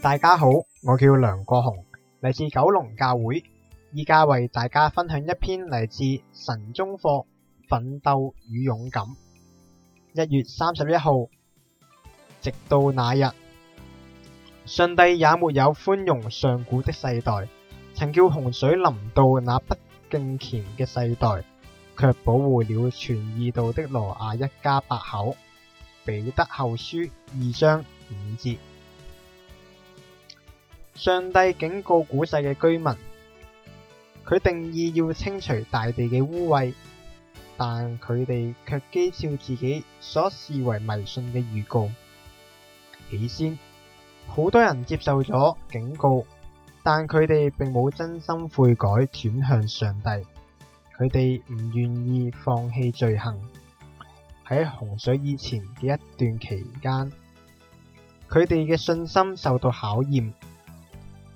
大家好，我叫梁國雄，嚟自九龍教會，依家為大家分享一篇嚟自神中課《奮鬥與勇敢》。一月三十一號，直到那日，上帝也沒有寬容上古的世代，曾叫洪水臨到那不敬虔嘅世代，卻保護了全義道的挪亞一家八口。彼得後書二章五節。上帝警告古世嘅居民，佢定義要清除大地嘅污穢，但佢哋卻譏笑自己所視為迷信嘅預告。起先，好多人接受咗警告，但佢哋並冇真心悔改，轉向上帝。佢哋唔願意放棄罪行。喺洪水以前嘅一段期間，佢哋嘅信心受到考驗。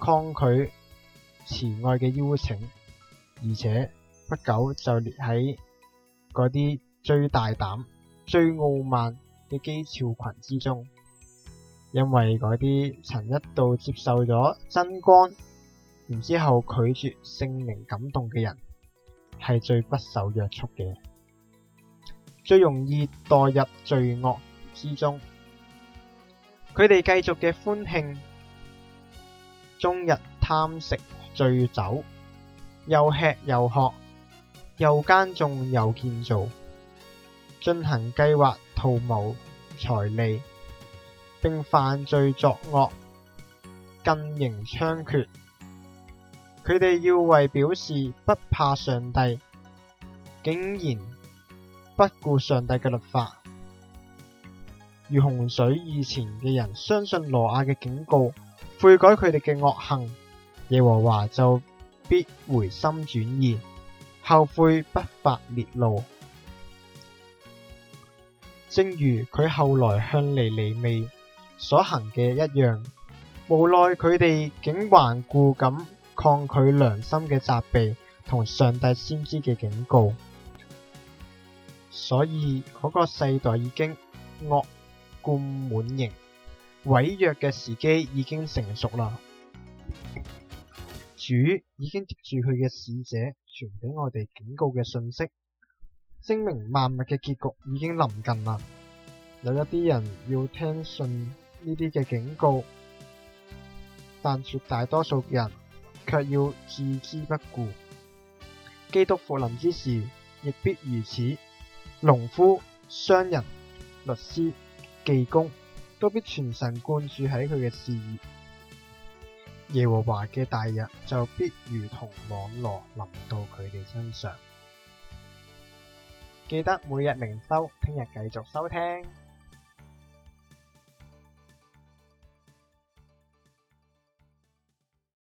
抗拒慈愛嘅邀請，而且不久就列喺嗰啲最大膽、最傲慢嘅譏誚群之中，因為嗰啲曾一度接受咗真光，然之後拒絕聖靈感動嘅人，係最不受約束嘅，最容易墮入罪惡之中。佢哋繼續嘅歡慶。終日貪食醉酒，又吃又喝，又耕種又建造，進行計劃圖謀財利，並犯罪作惡，更形猖獗。佢哋要為表示不怕上帝，竟然不顧上帝嘅律法。如洪水以前嘅人，相信羅亞嘅警告。悔改佢哋嘅惡行，耶和華就必回心轉意，後悔不發烈怒，正如佢後來向尼尼微所行嘅一樣。無奈佢哋竟頑固咁抗拒良心嘅責備同上帝先知嘅警告，所以嗰個世代已經惡貫滿盈。違約嘅時機已經成熟啦，主已經接住佢嘅使者傳俾我哋警告嘅信息，聲明萬物嘅結局已經臨近啦。有一啲人要聽信呢啲嘅警告，但絕大多數人卻要置之不顧。基督復臨之時亦必如此。農夫、商人、律師、技工。都必全神貫注喺佢嘅事業，耶和華嘅大日就必如同網羅臨到佢哋身上。記得每日靈修，聽日繼續收聽。